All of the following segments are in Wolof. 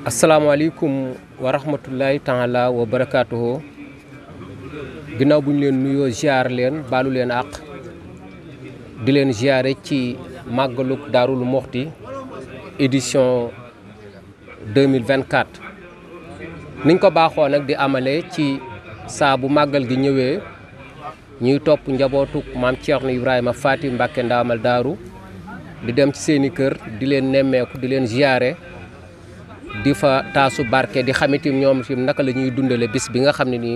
asalaamaaleykum wa rahmatullahi taala wa barakaatuhu ginnaaw bu ñu leen nuyoo ziar leen baalu leen àq di leen ziare ci màggaluk Daarul Moxti édition 2024 niñ ko baaxoo nag di amale ci saa bu màggal gi ñëwee ñuy topp njabootuk maam Ceerno Ibrahima Faati Mbàkke ndaamal daaru di dem ci seeni kër di leen nemmeeku di leen ziare di fa taasu barke di xamitim ñom fi naka lañuy ñuy dundale bis bi nga xamni ni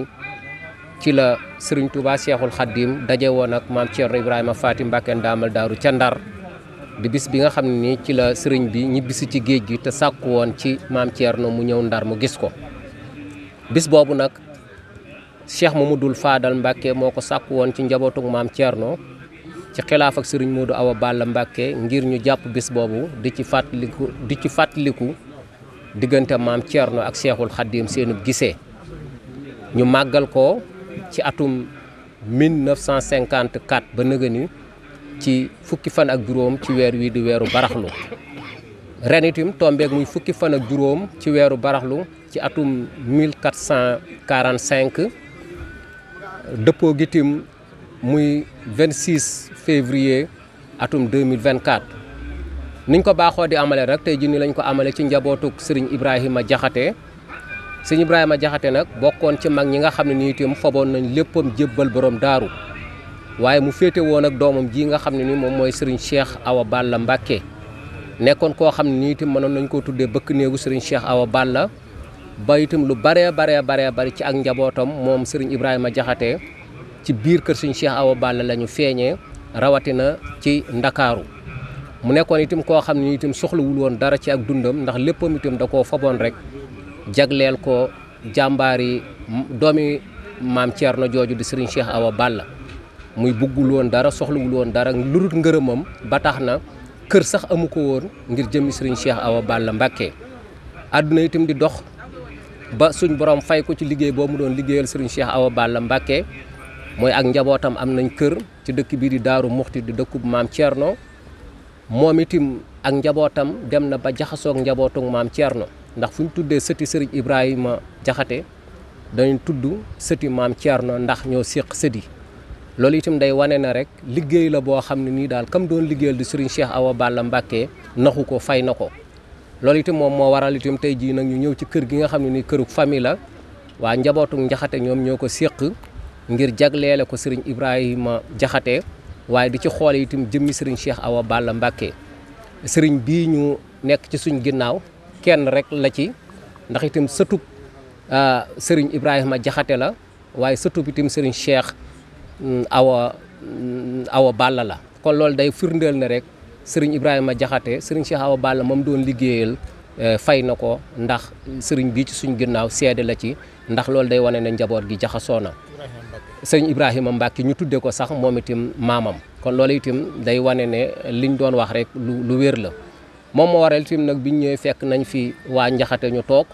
ci la serigne Touba Cheikhul Khadim dajé won ak maam cheikh Ibrahima Fatim Mbacke damal daru ca Ndar di bis bi nga xamni ni ci la serigne bi ñibbisi ci geej gi te sakku won ci maam no mu ñew Ndar mu gis ko bis bobu nak Cheikh mamadoul Fadal Mbacke moko sakku won ci ci mam maam no ci khilaf ak serigne Modou Awa Balla Mbacke ngir ñu japp bis bobu di ci fatliku di ci fatliku digënté maam Thierno ak Cheikhul Khadim seenub gissé ñu magal ko ci atum 1954 ba nëga ni ci fukki fan ak juroom ci wër wi di wëru baraxlu renitum itam ak muy fukki fan ak juroom ci wëru baraxlu ci atum 1445 depo gitim muy 26 février atum 2024 niñ ko baaxoo di amale rek tey jii nii lañ ko amale ci njabootuk sëriñ Ibrahima Jaxate sëriñ Ibrahima Jaxate nag bokkoon ci mag ñi nga xam ne nii itam foboon nañ léppam jébbal boroom daaru waaye mu féete woon ak doomam ji nga xam ne ni moom mooy sëriñ Cheikh Awa Balla Mbacke nekkoon koo xam ne nii itam mënoon nañ ko tuddee bëkk néegu sëriñ Cheikh Awa la ba itam lu baree baree baree bari ci ak njabootam moom sëriñ Ibrahima Jaxate ci biir kër sëriñ Cheikh Awa Balla la feeñee rawatina ci Ndakaaru mu nekkoon itim ko xamni itim itam soxlawul won dara ci ak dundam ndax leppam itim dako fabon rek jaglel ko jambari domi maam tierno joju di Serigne Cheikh Awa Balla muy buggul won dara soxlawul won dara lurut ngeureumam ba taxna keur sax amuko won ngir jëmi Serigne Cheikh Awa Balla mbake aduna itim di dox ba suñ borom fay ko ci liggey bo mu don liggeyal Serigne Cheikh Awa Balla Mbacké moy ak njabotam am nañ keur ci dekk bi di daru Muxti di dëkkub mam tierno moom itim ak njabootam dem na ba jaxasoog njabootuk maam Thierno ndax fu ñu tuddee sëti sëriñ Ibrahima Jaxate dañu tudd sëti maam Thierno ndax ñoo séq sëti loolu itam day wane na rek liggéey la boo xam ne nii daal kam doon liggéeyal di sëriñ Cheikh Awa Balla Mbàkke naxu ko fay na ko loolu itam moom moo waral itam tey jii nag ñu ñëw ci kër gi nga xam ne nii kërug famille la waa njabootuk njaxate ñoom ñoo ko séq ngir jagleele ko sëriñ Ibrahima Jaxate waaye di ci xoole itam jëmmi sëriñ Cheikh Awa Balla Mbàkke sëriñ bii ñu nekk ci suñ ginnaaw kenn rek la ci ndax itam sëtub ah, sëriñ Ibrahima Jaxate la waaye sëtub itam sëriñ Cheikh mm, Awa mm, Awa la kon loolu day firndeel ne rek sëriñ Ibrahima Jaxate sëriñ Cheikh Awa Balla moom doon liggéeyal eh, fay na ko ndax sëriñ bii ci suñ ginnaaw seede la ci ndax loolu day wane ne njaboot gi jaxasoo na sëñ Ibrahima Mbacke ñu tuddee ko sax moom itam maamam kon loolu itam day wane ne liñ doon wax rek lu lu wér la moom moo waral itam nag biñ ñëwee fekk nañ fi waa njaxate ñu toog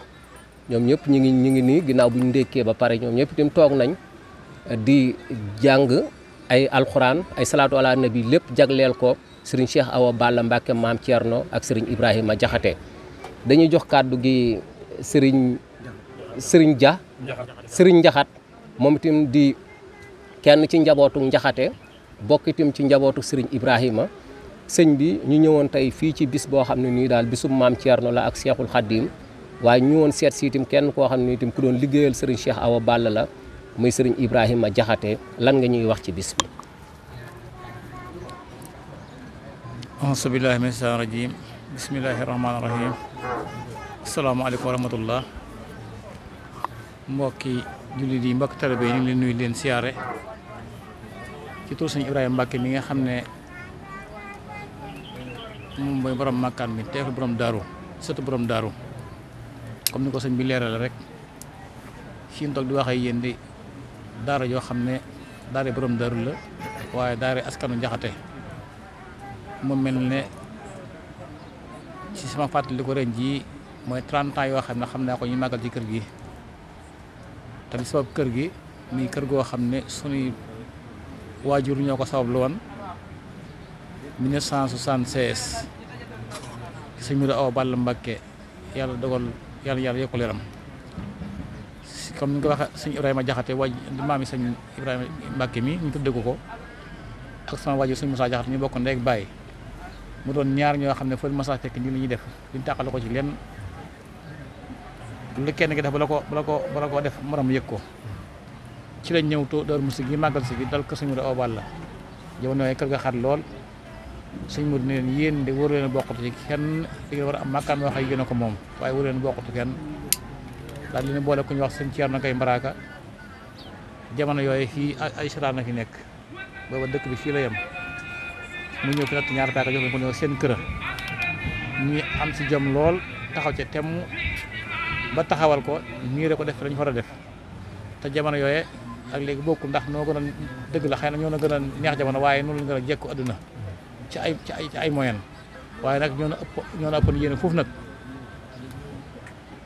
ñoom ñëpp ñu ngi ñu ngi nii ginnaaw buñ ndékkee ba pare ñoom ñëpp itam toog nañ di jàng ay alxuraan ay salaatu ala nabi lépp jagleel ko sëriñ Cheikh Awa Balla Mbacke maam Thierno ak sëriñ Ibrahima Jaxate dañuy jox kàddu gi sëriñ sëriñ Dia Njaxat moom itam di kenn ci njabootu njaxate bokk itam ci njabootu serigne ibrahima serigne bi ñu ñewon tay fi ci bis bo xamni ni dal daal bisum maam Thierno la ak Cheikhul Khadim waaye ñu won set si itam kenn ko xamni tim ku doon liggeyal serigne Cheikh Awa Balla la muy serigne ibrahima jaxate lan nga ñuy wax ci bis bi أعوذ بالله من الشيطان الرجيم بسم الله الرحمن الرحيم السلام عليكم ورحمة mbokki jullit di mbokk talibe yi ñu leen nuyu leen siyaare ci tour seigne ibrahim Mbacke mi nga xam ne moy borom makkaan mi teefu borom daru sëtu borom daru comme ni ko sëñ bi leeral rek fii mu toog di waxay ak yéen di daara yoo xam ne borom daru la waye daara askanu njaxate mu melne ci sama fatali ko ren jii mooy 30 ans yo xam ne ko ñu magal ci kër gi tan sabab kër gi mi kër go xamné suñu wajur ñoko sabab lu won 1976 sëñ Modou aw ball Mbacké yalla dogal yalla yalla yekul yaram comme ñu wax ko Ibrahima Jaxate waj mami sëñ Ibrahima Mbacké mi ñu tuddé ko ko ak sama wajur sëñ musa Jaxate ñu bokk ndey ak bàyyi mu doon ñaar ño xamné fa foofu tek ñu ñi def ñu takal ko ci lenn lu kenn ki def bala ko bala ko bala ko def morom yëg ko ci lañ ñëw to door musi gi màggal si gi dal ko suñu aw balla jamono ay kër ga xat lool suñ mu ne yeen de wër leen bokkatu ci kenn di nga am makam wax ay gëna ko moom waaye wër leen bokkatu kenn daal leen boole ku ñu wax seen ceerno kay mbaraka jamono yooyu fii ay siraan na fi nekk booba dëkk bi fii la yem mu ñëw fi natt ñaar paaka jox ko ñëw seen kër ñi am si jom lool taxaw ca temm ba taxawal ko miire ko def lañu war a def te jamono yooye ak léegi bokku ndax noo gën a dëgg la xëy na ñoo na gën a neex jamono waaye noonu a jekku adduna ci ay ci ay ci ay moyen waaye nag ñoo na ëpp yéene foofu nag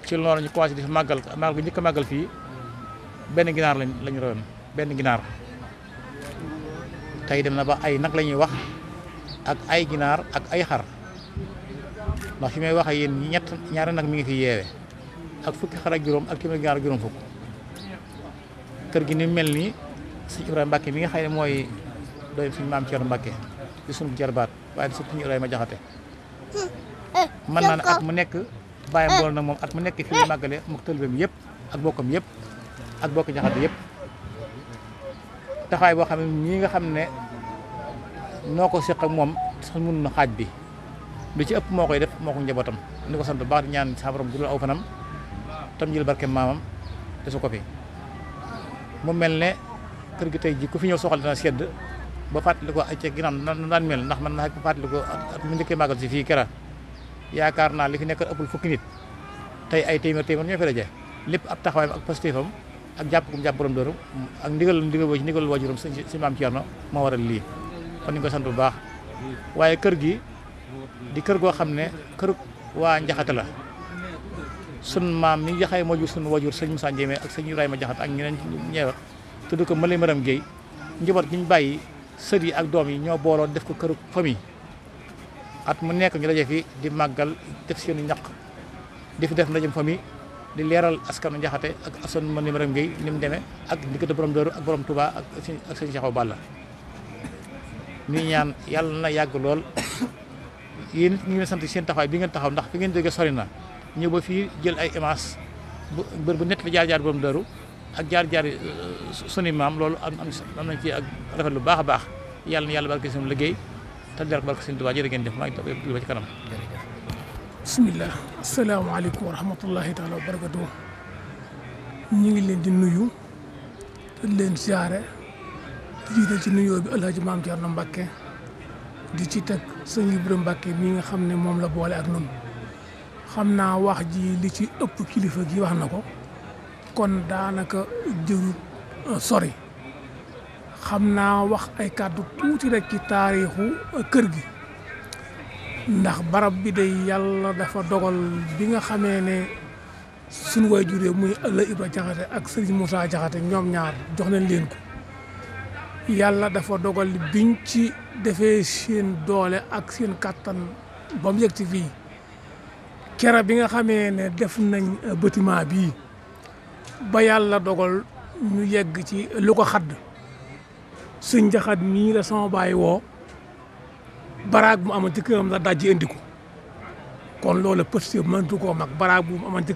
ci loolu ñu di màggal màggal njëkk màggal fii benn ginaar lañ lañ royoon benn ginaar tey dem na ba ay nag la wax ak ay ginaar ak ay xar ndax fi may wax ak yéen ñett ñaari nag mi ngi fi yeewe ak fukki xar ak juróom ak téeméer ñaar juróom fukk kër gi ni mel nii sëñ Ibrahima Mbacke mi nga xam ne mooy doy suñu maam Thierno Mbacke di suñu jarbaat waaye di suñu Ibrahima Jaxate eh, mën naa ne at mu nekk bàyyi mbool eh. na moom at mu nekk fi mu màggale mu yëpp ak bokkam yëpp ak bokk jaxate yëpp taxawaay boo xam ne ñi nga xam ne noo ko seq ak moom sax mun na xaaj bi lu ci ëpp moo koy def moo ko njabootam ni ko sant baax di ñaan sa borom guddal aw fanam tam jël barké mamam té su ko fi mu melné kër gi tay ji ku fi ñew soxal dana sédd ba fàttali ay ceeg nan mel ndax man na fàttali ko ak mu njëkkee magal ci fi kera yaakar na li fi nekk ëppul fukk nit tay ay témer témer ñoo fi daje lepp ab taxawaayam ak pastéefam ak japp kum japp borom doorum ak ndigal ndigal woo ci ndigal waajuram ci mam ciarno mo waral li kon ni ko sant bu baax waaye kër gi di kër go xam kër wa njaxata la sun maam mi nga xay moo jur sun wajur sëñ Moussa Ndiémé ak sëñ Ibrahima Diakhaté ak ñeneen ñeewat tudd ko Maley Maram Guèye njaboot gi ñu bàyyi sët yi ak doom yi ñoo booloo def ko këru famille at mu nekk ñu daje fi di màggal def seenu ñaq di fi def ndajem famille di leeral askanu Diakhaté ak asan Maley Maram Guèye ni mu ak diggante borom Dóoru ak borom Touba ak ak sëñ Cheikh Balla ñuy ñaan yàlla na yàgg lool yéen ñu ngi sant seen taxawaay bi ngeen taxaw ndax fi ngeen jógee sori na ñëw ba fii jël ay image bu bër bu nett la jaar jaar borom daru ak jaar jaar euh, sunu maam loolu am am nañ ci ak rafet lu baax a baax yàlla na yàlla barke seen liggéey te leer barke seen Tuubaa jërë ngeen def maa ngi toog ba ci kanam. bisimilah asalaamaaleykum wa rahmatullahi taala wa ngi leen di nuyu di leen siyaare di jiital ci nuyoo bi El Hadj Maam na Mbacke di ci teg sëñ Ibrahima Mbacke mi nga xam ne moom la boole ak noonu. xam naa wax ji li ci ëpp kilifa gi wax na ko kon daanaka jërut euh, sori xam naa wax ay kàddu tuuti rek ci taarixu euh, kër gi ndax barab bi day yàlla dafa dogal bi nga xamee ne suñu way juree muy Alla Ibra Jaxate ak Serigne Moussa Jaxate ñoom ñaar jox nañ leen ko yàlla dafa dogal biñ ci defee seen doole ak seen kàttan ba yi kera bi nga xamee ne def nañ euh, bâtiment bii ba yàlla dogal ñu yegg ci lu ko xadd suñ jaxat mii la sama baay woo baraag bu mu amoon këram la dajji kon loolu pëste bu mu amoon ci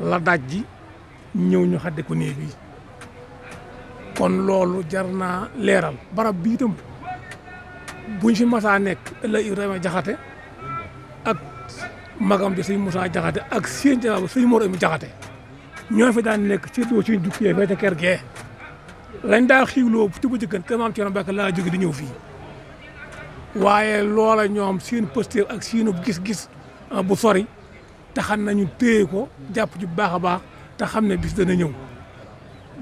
la dajji ñëw ñu xadde ko néeg bi kon loolu jar naa leeral bara bi itam buñ fi masaa nekk la Ibrahima Jaxate magam di sëñ Moussa Diakhaté ak seen jaraaba sëñ Mor ñoo fi daan nekk ci doo ci dukkee fay ca kër lañ daa xiiwloo ci ba jëkkan kër maam Thierno Mbacke laa jóge di ñëw fii waaye loola ñoom seen posture ak seenu gis-gis ah, bu sori te xan nañu téye ko jàpp ci bu baax a baax te xam ne bis dana ñëw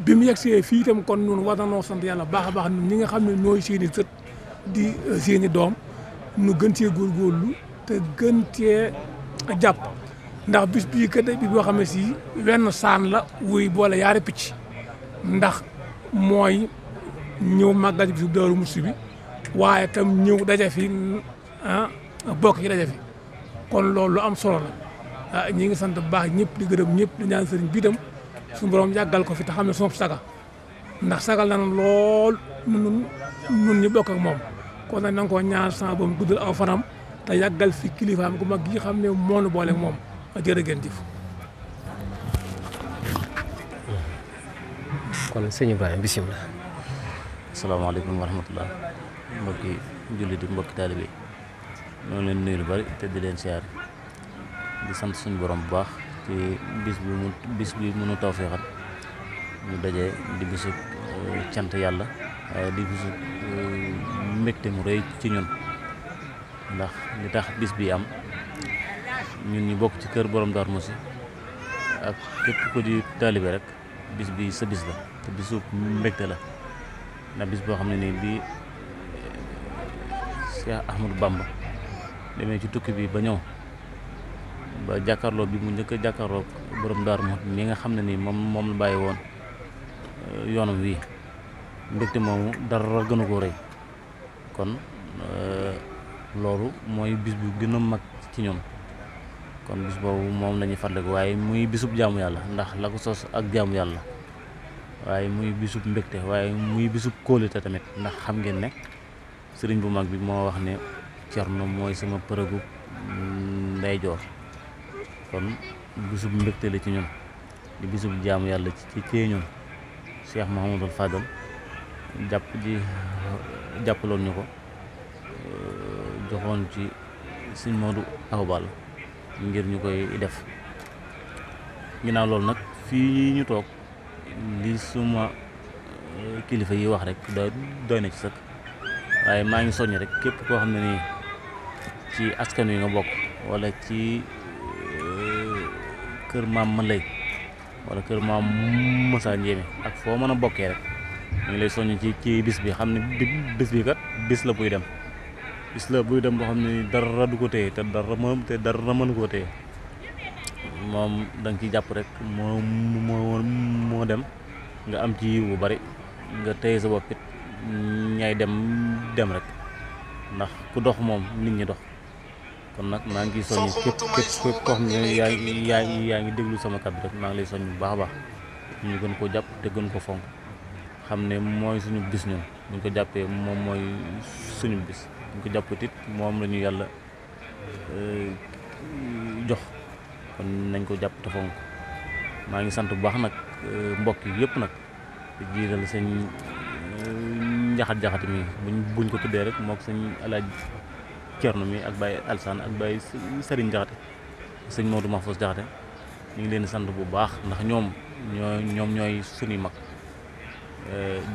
bi mu yegsee fii itam kon ñun war na noo sant yàlla baax a baax ñi nga xam ne ñooy seen i sët di eh, seen doom nu gën cee góorgóorlu te gën ak ndax bis bi ke bis boo xam ne si wenn saan la wuy boole yaari picc ndax moy ñëw màggal bisu daaru musi bi waaye tam ñëw dajé fi ah bokk yi dajé fi kon loolu am solo la ah, ñi ngi sant bu baax ñepp di gërëm ñepp di ñaan sëriñ bi itam suñu borom yàggal ko fi te xam saga ndax sagal na lool nun ñu bokk ak mom kon nag na ko ñaar sa aw faram te yàggal fi kilifaam gu mag gi xam ne moonu boole moom ma jërë ngeen jëf. kon sëñ Ibrahima bisimilah. asalaamaaleykum wa rahmatulah mbokki jullit yi mbokki taalibe ñoo leen nuyu lu bari te di leen siyaar di sant suñu borom bu baax ci bis bi mu bis bi ñu dajee di bisu eh, cant yàlla di bisu eh, mbégte mu rëy ci ñun. ndax li tax bis bi am ñun ñu bok ci kër borom dar musi ak képp ko di talibé rek bis bi sa bis la te bisu mbégte la na bis bo xamné ni bi eh, Cheikh Ahmadou Bamba démé ci tukki bi ba ñëw ba jakarlo bi mu ñëk jakarlo borom dar mu mi nga xamné ni mom mom la bayé won eh, yoonu wi mbégte moomu dara gënu ko rëy kon eh, loolu mooy bis bu gën a mag ci ñoom kon bis boobu moom lañuy ñuy fàttaliku waaye muy bisub jaamu yàlla ndax la ko sos ak jaamu yàlla waaye muy bisub mbégte waaye muy bisub kóolute tamit ndax xam ngeen ne sëriñ bu mag bi moo wax ne Cerno mooy sama përëgu ndeyjoor kon bisub mbégte la ci ñun di bisub jaamu yàlla ci ci ñun Cheikh Mouhamadul Fadal jàpp ji jàppaloon ñu ko. joxon ci suñ modou awbal ngir ñukoy def ginaaw lool nak fi ñu tok li suma eh, kilifa yi wax rek doy doy na ci sax waye ma ngi soññ rek kep ko xamne ni ci askan yi nga bok wala ci eh, keur mam ma lay wala kër maam Moussa Ndiémé ak fo mën a rek ñu lay soññ ci ci bis bi xamne bis bi kat bis la buy dem bis la buy dem boo xam ne dara du ko téye te dara moom te dara mënu koo téye moom danga nga jàpp rek moo moo moo dem nga am ci yiw bu bari nga téye sa bopp ñaay dem dem rek ndax ku dox moom nit ñi dox kon nag maa ngi soññ képp képp képp koo xam ne yaa yaa yaa ngi déglu sama kàddu rek maa ngi lay soññ bu baax baax ñu gën koo jàpp te gën ko fonk xam ne mooy suñu bis ñun buñ ko jàppee moom mooy suñu bis ñu ko moom lañu yàlla euh, jox kon nañ ko jàpp te maa ngi sant bu baax nag euh, mbokk yi yëpp nag di jiital sëñ euh, njaxat jaxat mi buñ ko tuddee rek mook sëñ alaaj cerno mi ak Baye Alsaan ak Baye Sëriñ Jaxate sëñ Maodo Mahfouz Jaxate ñu ngi leen sant bu baax ndax ñoom ñoo ñoom ñooy sunuy mag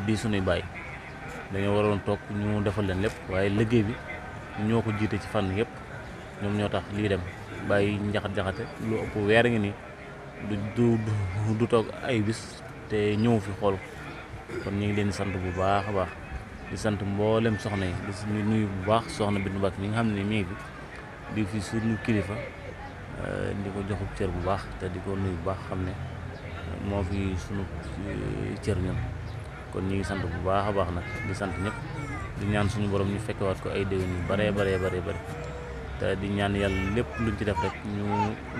di sunuy baay dañoo waroon toog ñu deful leen lépp waaye liggéey bi ñoo ko jiite ci fànn yëpp ñoom ñoo tax lii dem bàyyi njaxat jaxate lu ëpp weer ngi nii du du du toog ay bis te ñëw fi xool kon ñu ngi leen sant bu baax a baax di sant mboolem soxna yi di nuyu bu baax soxna bi Bintu Mbàkke mi nga xam ne mi ngi di fi suñu kilifa euh, di ko joxub cër bu baax te di ko nuyu bu baax xam ne euh, moo fi suñu euh, cër ñun. kon ñu ngi sant bu baax a baax nag di sant ñëpp di ñaan suñu borom ñu fekk waat ko ay déwén yu baree baree baree bëri te di ñaan yàlla lépp luñ ci def rek ñu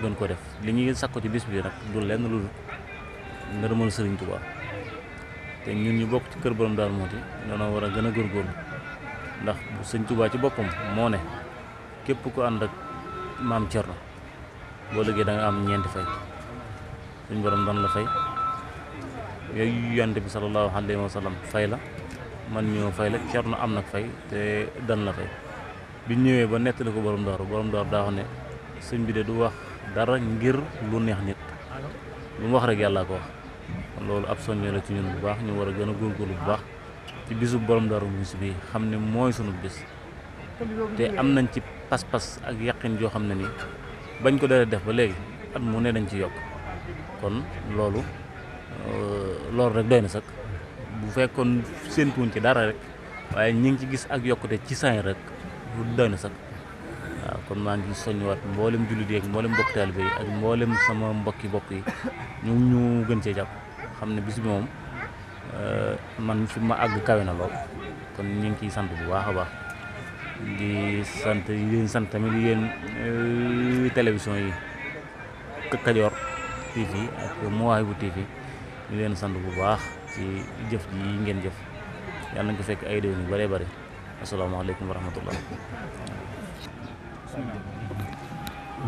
gën ko def li ñuy sakku ci bis bi rek du lenn lu ngërëmal sëriñ Tuubaa te ñun ñu bokk ci kër borom daal moo ti ñoo war a gën a góorgóorlu ndax bu sëñ Tuubaa ci boppam moo ne képp ku ànd ak maam na boo liggéey danga nga am ñeenti fay suñ borom daan la fay ya yonent bi sallallahu alayhi wa fay la man ñoo fay la Cerno am nag fay te dan la fay bi ñëwee ba nettali ko borom daaru borom daaru da wax ne sëñ bi de du wax dara ngir lu neex nit lu wax rek ko wax loolu ab soññee la ci ñun bu baax ñu war a gën a góorgóorlu baax ci borom daaru musi bi ne bis te am nañ ci pas-pas ak yaqin jo xam ne nii bañ ko dara def ba at mu ne dañ ci yok kon lolu Euh, loolu rek doy na sax bu fekkoon séentuwuñ ci dara rek waaye ñu ngi ci gis ak yokkute ci saa rek doy na sax kon maa ngi soññiwaat mboolem jullit yi ak mboolem mbokk taalibe ak mboolem sama mbokki mbokk yi ñu ñu gën cee jàpp xam ne bis euh, man fi ma àgg na lool kon ñu ngi ciy sant bu baax a baax di sant yéen sant tamit yéen euh, télévision yi Kajoor TV ak Mawahibou TV ñu leen sant bu baax ci jëf ji yi ngeen jëf yàlla nañ ko fekk ay déwén yu bare bare asalaamaaleykum wa rahmatullah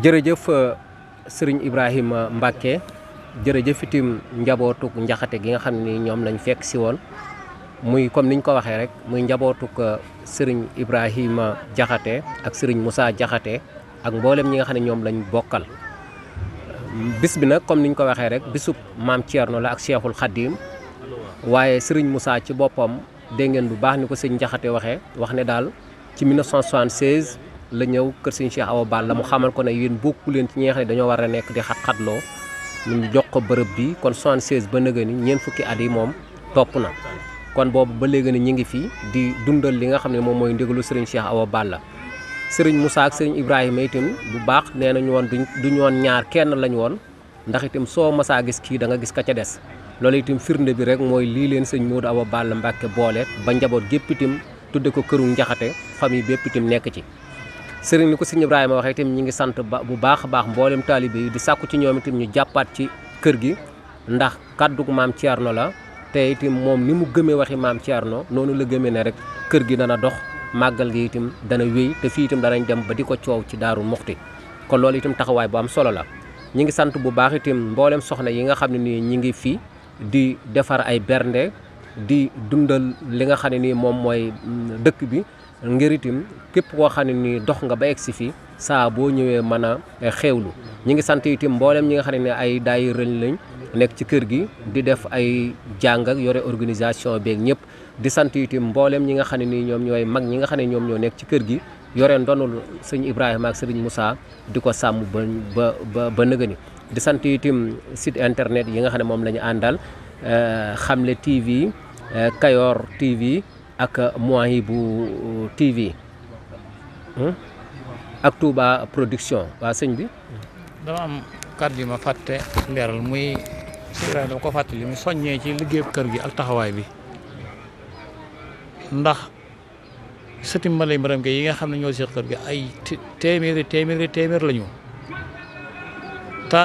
jërëjëf euh, sëriñ Ibrahim mbàkke jërëjëf itim njabootuk njaxate gi nga xam ni ñoom lañ fekk si woon muy comme niñ ko waxee rek muy njabootuk euh, sëriñ ibrahima jaxate ak sëriñ moussa jaxate ak mboolem ñi nga xam ne ñoom lañ bokkal bis bi nag comme ni ñu ko waxee rek bisub maam Thierno la ak Cheikhul Khadim waaye Serigne musaa ci boppam dégg ngeen bu baax ni ko sëñ Njaxate waxee wax ne daal ci 1976 la ñëw kër sëñ Cheikh Awa baal la mu xamal ko ne yéen bokku leen ci ñi dañoo war a nekk di xat-xatloo ñu jox ko bërëb bi kon 76 ba nëgë ni ñeent fukki at yi moom topp na kon boobu ba léegi ni ñu ngi fi di dundal li nga xam ne moom mooy ndigalu Serigne Cheikh Awa la sëriñ Moussa ak sëriñ Ibrahima itam bu baax nee nañu woon duñ duñu woon ñaar kenn lañu woon ndax itam soo masaa gis kii da nga gis ka ca des loolu itam firnde bi rek mooy lii leen sëñ Modou Awa Balla Mbacke boole ba njaboot gépp itam tudde ko këru njaxate famille bépp itam nekk ci sëriñ ni ko sëñ Ibrahima waxee itam ñi ngi sant ba bu baax a baax mboolem taalibe yi di sàkku ci ñoom itam ñu jàppaat ci kër gi ndax kàddug maam Thierno la te itam moom ni mu gëmee waxi maam Thierno noonu la gëmee ne rek kër gi dana dox màggal gi itam dana wéy te fii itam danañ dem ba di ko coow ci daaru muxti kon loolu itam taxawaay bu am solo la ñi ngi sant bu baax itam mboolem soxna yi nga xam ne nii ñi ngi fii di defar ay bernde di dundal li nga xam ne nii moom mooy mm, dëkk bi ngir itam képp koo xam ne nii dox nga ba egg si fii saa boo ñëwee mën eh, xewlu xeewlu ñi ngi sant itam mboolem ñi nga xam ne nii ay daay rëñ lañ nekk ci kër gi di def ay jàng yore organisation beeg ñëpp di sant tim mbollem ñi nga xam ni ñom ñoy mag ñi nga xam ñom ñoo nek ci kër gi yoré ndonul Ibrahima ak sëriñ Moussa diko sam ba ba ba neugani di sant tim site internet yi nga xam mom lañu andal euh xamle TV eh, Kayor TV ak Mouahibou TV hmm? ak Touba production waa sëñ bi. dama am ma fàtte leral muy ci Ibrahima dama ko fàttali mu soññee ci liggéey kër gi ak taxaway bi. ndax sëti Malay Mbaram Gueye yi nga xam ne ñoo seq kër gi ay téeméeri téeméeri téeméer la ñu te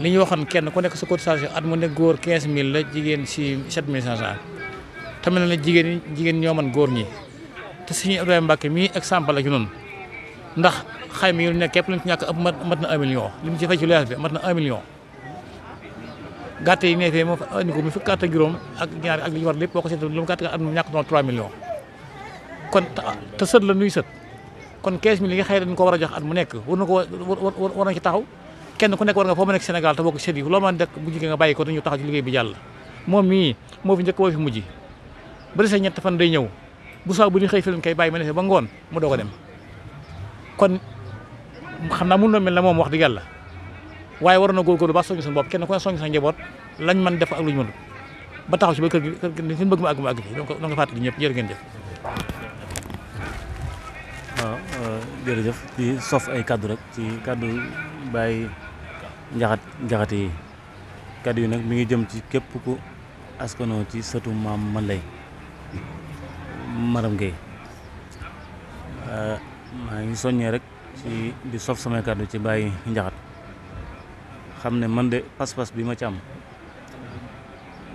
li ñu waxoon kenn ku nekk sa cotisation at mu ne góor 15000 la jigéen si 7500 tamit na la jigéen jigéen ñoo man góor ñi te suñu Ibrahima Mbacke mii exemple la ci noonu ndax xayma yu ne képp lañ ci ñàkk ëpp mat na 1 million li mu ci fay ci luyaas bi mat na 1 million. gàtt yi neefee moom andi ko mu fukk gàtt ak juróom ak ñaar ak li ñu war lépp boo ko seetlu lu mu gàtt at mu ñàkk doon millions kon te sët la nuy sët kon 15 millions yi xëy dañ ko war a jox at mu nekk war na ko war na ci taxaw kenn ku nekk war nga foo ma nekk Sénégal te bokk sët yi loo mën dëkk bu jigéen nga bàyyi ko dañu taxaw liggéey bi jàll moom mii moo fi njëkk woo fi mujj ba desee ñetti fan day ñëw bu sax bu ñu xëy fi lañ koy bàyyi ma ne ba ngoon mu doog a dem kon xam naa mun na mel na moom wax dëgg yàlla waye war na góorgóorlu ba soñu sun bop kenn ko soñu soññ sa njaboot lañ man def ak luñ mënul ba taxaw ci ba kër gi kër gi suñu bëgg mu àgg mu àgg fi donc nga fàttali ñëpp jërë ngeen jëf waaw euh, jërëjëf ci sof ay kaddu rek ci kaddu bàyyi njaxat njaxate yi kaddu mi ngi jëm ci képp ku askanoo ci sëtu mam man lay maram euh ma ngi soññee rek ci di sof sama kaddu ci bàyyi njaxat xamne ne man de pas-pas bi ma ci am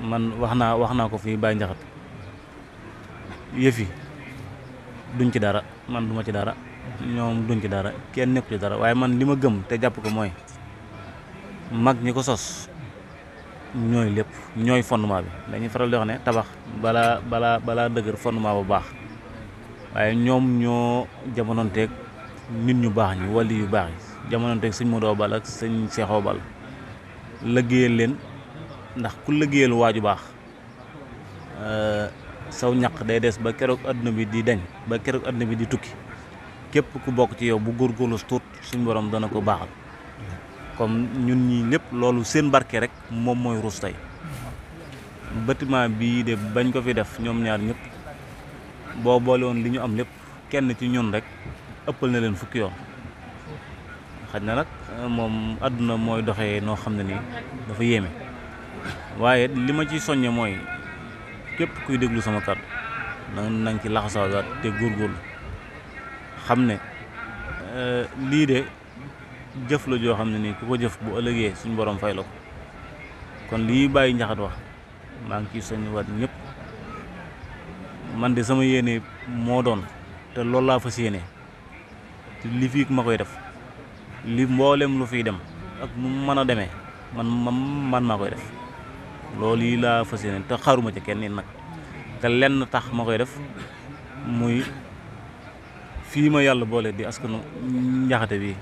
man waxna waxna ko fi bay ndaxat yefi duñ ci dara man duma ci dara ñom duñ ci dara kenn nekk ci dara waye man lima gëm te japp ko moy mag ñiko sos ñoy lepp ñoy fondement bi dañuy faral di wax ne tabax bala bala bala dëgër fondement bu baax waye ñom ñoo jamonontek nit ñu baax ñu wali yu baax jamonontek jamononteeg sëñ Modou Bal ak sëñ Seexoo Bal lëggéeyal leen ndax ku lëggéeyal waaju baax euh, saw ñaq day des ba keroog àdduna bi di dañ ba keroog àdduna bi di tukki képp ku bokk ci yow bu góorgóorlu tuut suñ borom dana ko baaxal comme ñun ñi ñëpp loolu seen barke rek moom mooy ruus tey bâtiment bii de bañ ko fi def ñoom ñaar ñëpp boo boole woon li ñu am lépp kenn ci ñun rek ëppal na leen fukki yoon xaj na nag moom àdduna mooy doxee noo xam ne nii dafa yéeme waaye li ma ci soññe mooy képp kuy déglu sama kàddu na nañ ki laxasaawaat te góorgóorlu xam ne eh, lii de jëf la joo xam ne nii ku ko jëf bu ëllëgee suñ boroom fay la ko kon lii bàyyi njaxat wax maa ngi ciy soññewaat ñëpp man de sama yéene moo doon te loolu laa fa yéene te li fii ma koy def li mboolem lu fiy dem ak mu mën a demee man man maa koy def loolu yi laa fas yéene te xaruma ci kenn nag te lenn tax ma koy def muy fii ma yàlla boole di askanu njaxate bi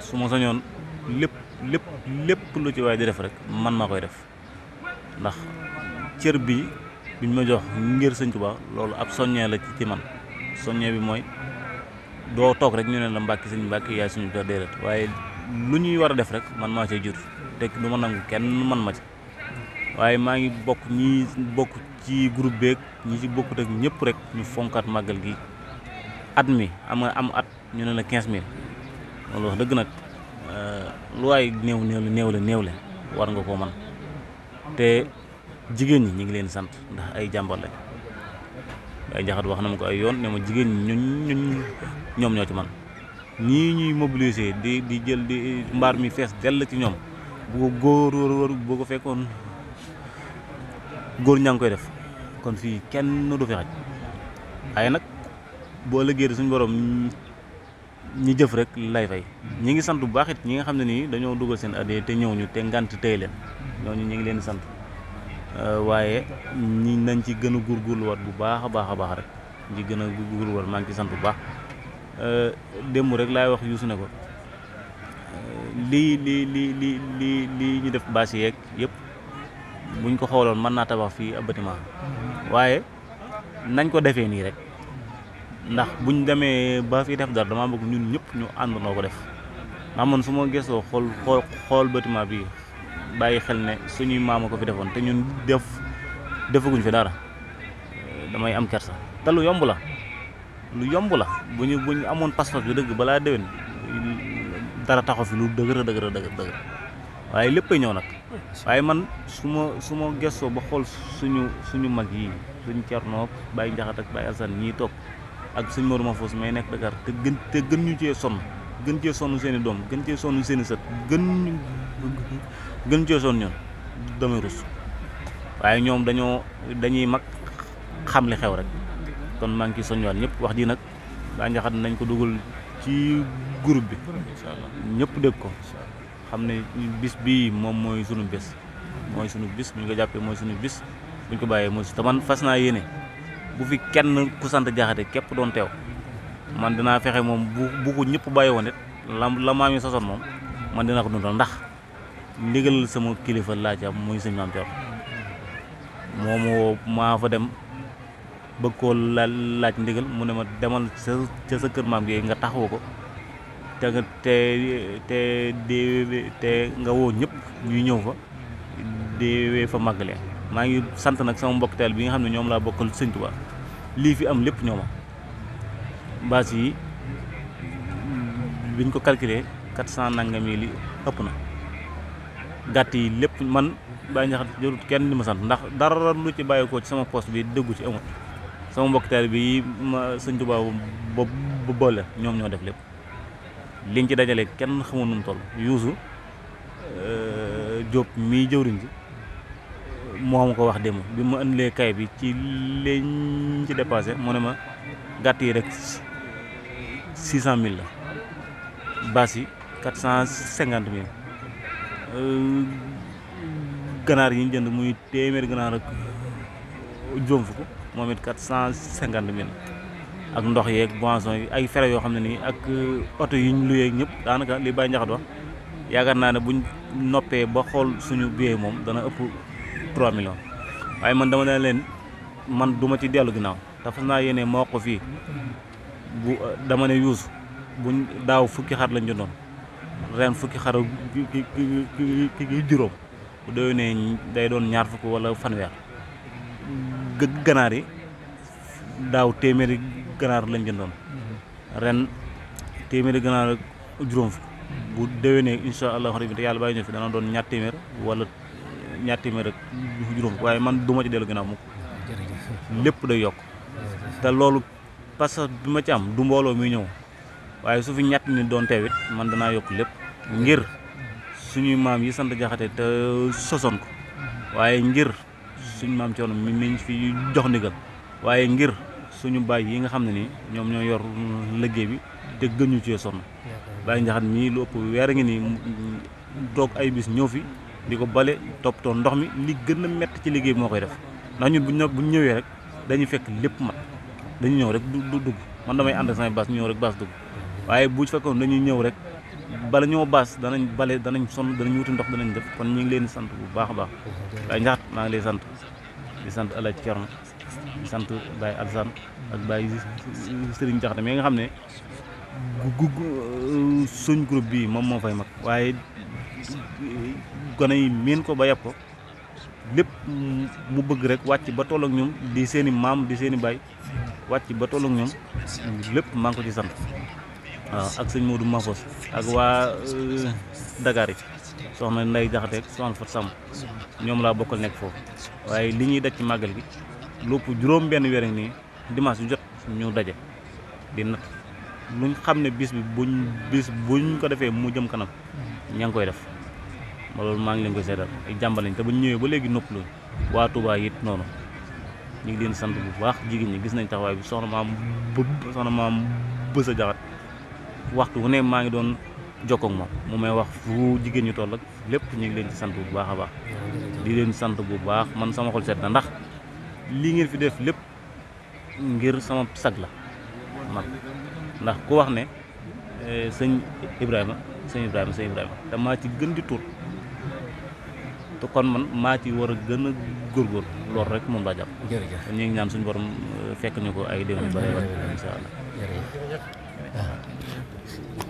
su ma sañoon lépp lépp lépp lu ci waaye di def rek man maa koy def ndax cër bi biñ ma jox ngir sëñ ba loolu ab soññee la ci man soññee bi mooy. doo toog rek ñu ne la mbàkki sëñ mbàkki yaay suñu kër déedéet waaye lu ñuy war a def rek man maa cay jur te du ma nangu kenn man ma ci waaye maa ngi bokk ñi bokk ci groupe beeg ñi ci bokkut ak ñëpp rek ñu fonkaat màggal gi at mi am am at ñu ne la quinze mille loolu dëgg nag euh, lu waay néew néew la néew la néew la war nga koo man te jigéen ñi ñu ngi leen sant ndax ay jàmbar lañ ay jaxat wax na ma ko ay yoon ne ma jigéen ñi ñun ñoom ñoo ci man nii ñuy mobiliser di di jël di mbaar mi fees dell ci ñoom bu góor war boo ko fekkoon góor ñaa ngi koy def kon fii kenn du fi xaj waaye nag boo liggéey suñu borom ñi jëf rek lay fay ñi ngi sant bu baax it ñi nga xam ne nii dañoo dugal seen adde te ñëw ñu te ngant tey leen ñooñu ñi ngi leen sant Euh, waaye ñi nañ ci gën a góorgóorluwaat bu baax a baax a baax rek ñi gën a góorgóorluwaat maa ngi ci sant bu baax euh, démb rek laay wax yuusu ne ko euh, lii lii li li li li ñu def bâche yeeg yëpp buñ ko xooloon mën naa tabax fii ab bâtiment waaye nañ ko defee nii rek ndax buñ demee ba fi def dara damaa bëgg ñun ñëpp ñu ànd noo ko def ndax man su ma gëstoo xool xool bâtiment bii bàyyi xel ne suñuy mama ko fi defon te ñun def defaguñ fi dara damay am kersa te lu yomb la lu yomb la buñu buñu amone passeport bi deug bala dewen dara taxaw fi lu deug dëgër deug dëgër waaye léppay man su ma su ba xol suñu suñu mag yi suñu cerno baye njaxat ak baye alsan ñi toog ak suñ maruma fos may nek Dakar te gën te gën ñu ci son gën ci sonu seen dom gën ci sonu seen seut gën gën cee son ñoom damay rus waaye ñoom dañoo dañuy mag xam li xew rek kon maa ngi ciy ñëpp wax ji nag daa njaxat nañ ko dugal ci groupe bi ñëpp dégg ko xam ne bis bii moom mooy sunu bés mooy sunu bis bu ñu ko jàppee mooy sunu bis bu ñu ko bàyyee mooy te man fas naa yéene bu fi kenn ku sant jaaxate képp doon teew man dinaa fexe moom bu bu ñëpp bàyyi woon it la moom man dinaa ko dundal ndax ndigal sama kilifa laa ci am muy sëñ Maam Coor moomu maa fa dem bëgg koo laaj ndigal mu ne ma demal ca ca sa kër maam gi nga taxawu ko te te te te nga woo ñëpp ñuy ñëw fa déwee fa màggale maa ngi sant nag sama mbokkteel bi nga xam ne ñoom laa bokkal sëñ Tuubaa lii fi am lépp ñooma baas yi biñ ko calculé quatre cent nangam yi li ëpp na gàtt yi lépp man bàyyi ñax jarut kenn di ma sant ndax dara lu ci bàyyi ci sama poste bi dëggu ci amut sama mbokk taalibe bi ma sëñ Tuubaa ba boole ñoom ñoo def lépp liñ ci dajale kenn xamoon nu mu toll yuusu euh, Jóob mii jëwriñ ji moo ma ko wax démm bi ma indilee kay bi ci liñ ci dépassé mu ne ma gàtt yi rek six cent mille la bas yi quatre cent cinquante mille Euh, ganaar yi ñu jënd muy téeméer ganaar ak juróom fukk moom it quatre cent cinquante mille ak ndox yeeg boisson yi ay fere yoo xam ne nii ak euh, oto yi ñu luyee ñëpp daanaka li bàyyi njaxat yaakaar naa ne buñ noppee ba xool suñu billet moom dana ëpp 3 millions waaye man dama ne leen man duma ci dellu ginnaaw te fas naa yéene moo ko fii bu dama ne yuusu buñ daaw fukki xar lañ jëndoon ren fukki xar ki ki juróom bu déwénee day doon ñaar fukk wala fanweer ganaar yi daaw téeméeri ganaar lañ jëndoon mhm. ren téeméeri ganaar juróom fukk bu déwénee incha allahu bi te yàlla bay ñu fi dana doon ñaar téeméer wala ñaar téeméer ak juróom fukk waaye man du ma ci dellu gannaaw mukk lépp day yokk te loolu parce que bi ma ci am du mbooloo mi ñëw waye su fi ñatt ni doon tewit man danaa yok lepp ngir suñu mam yi sante jaxate te soson ko waye ngir suñu mam ciono mi meñ fi jox ndigal waye ngir suñu bay yi nga xamni ñom ni ñoo yor liggéey bi te gëñu ci son bay ñaxat mi lu upp wër nga ni toog ay bis ñoo fi diko balé bale to ndox mi li gën metti ci liggey mo koy def ndax ñun bu ñëwé rek dañu fekk lepp mat dañu ñëw rek du dugg man damay and sama bass ñëw rek bass dugg waaye bu fekkoon dañuy ñëw rek bala ñoo baas danañ bale danañ sonn danañ wuti ndox danañ def kon ñu ngi leen sant bu baax a baax waaye njaxat maa ngi lay sant di sant El Hadj Thierno di sant Baye Alsane ak Baye Serigne Diakhaté mais nga xam ne gu suñ groupe bii moom moo fay mag waaye gone yi miin ko ba ko lépp bëgg rek wàcc ba toll ñoom di seen maam di seen i baay wàcc ba toll ñoom lépp maa ngi ko ci sant waaw ah, ak sëñ Modou Mafos ak waa euh, Dakar yi soxna Ndeye Diakhaté ak soxna Fatou Samb ñoom laa bokkal nekk foofu waaye li ñuy daj ci màggal gi lépp juróom benn weer nii dimanche jot ñu di luñ bis bi buñ bis buñ ko defee mu jëm kanam ña ngi koy def ma loolu maa ngi leen koy seetal ay jàmba lañ te buñ ñëwee ba léegi nopp loolu waa Touba it noonu ñu ngi leen sant bu baax jigéen ñi gis nañ bi soxna maam soxna maam jaxat waxtu ne ma ngi don jokk moom mu may wax fu jigen ñu toll ak lépp ngi leen ci sante bu baaxa baax di leen sante bu baax man sama xol set na ndax li ngeen fi def lepp ngir sama sag la man ndax ku wax ne eh, señ Ibrahima señ Ibrahima señ Ibrahima dama ci gën di tuut to kon man ma ci wara gëna gor gor góorgóor loolu rek moom laa jàpp ñi ngi ñaan suñu borom eh, fekk ñuko ay déwén yu bare insha allah Yeah. Uh-huh.